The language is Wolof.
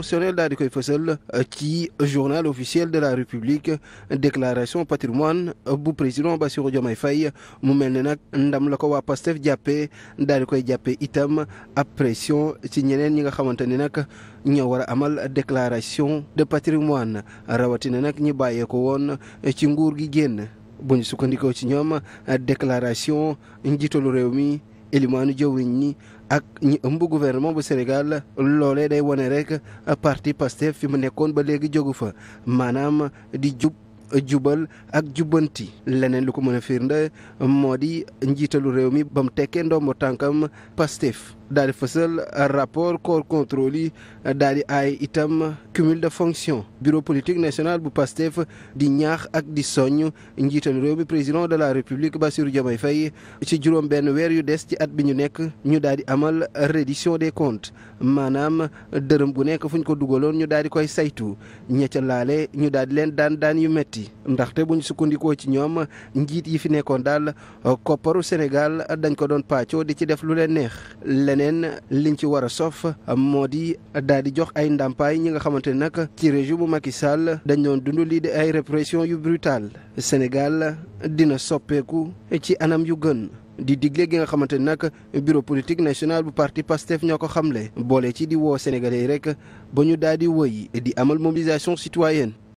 constitutionnel daal di koy fësal ci journal officiel de la république déclaration patrimoine euh, bu président Bassirou may fay mu mel ne nag ndam la ko waa Pastef jàppee daal di koy jàppee itam ab pression ci ñeneen ñi nga xamante ni nag ñoo war a amal déclaration de patrimoine rawatina nag ñi bàyyee ko woon euh, ci nguur gi génn bu ñu sukkandikoo ci ñoom euh, déclaration njiitalu réew mi ilimaanu jëwriñ ñi ak ñi ëmb gouvernement bu Sénégal loolee day wane rek parti Pastef fi mu nekkoon ba léegi jógu fa maanaam di jub jubal ak jubbanti leneen lu ko mën a firnde moo di njiitalu réew mi ba mu tekkee ndombo tànkam Pastef daal di fësal rapport corps contrôle yi daal di aay itam cumul de fonction bureau politique national bu Pastef di ñaax ak di soññ njiitalu réew mi président de la république Bassirou Diomaye fay ci juróom benn weer yu des ci at bi ñu nekk ñu daal di amal reddition des comptes maanaam dërëm bu nekk fu ñu ko dugaloon ñu daal di koy saytu ña laale ñu daal leen daan ndaxte bu ñu sukkandikoo ci ñoom njiit yi fi nekkoon daal kopparu Sénégal dañ ko doon pàccoo di ci def lu leen neex leneen li liñ ci war a sof moo di daal di jox ay ndàmpaay ñi nga xamante ne nag ci régime bu Macky Sall dañ doon dund lii di ay répression yu brutale Sénégal dina soppeeku ci anam yu gën. di digle gi nga xamante ni nag bureau politique national bu parti PASTEF ñoo ko xamle boole ci di woo sénégalais rek ba ñu daal di wëy di amal mobilisation citoyenne.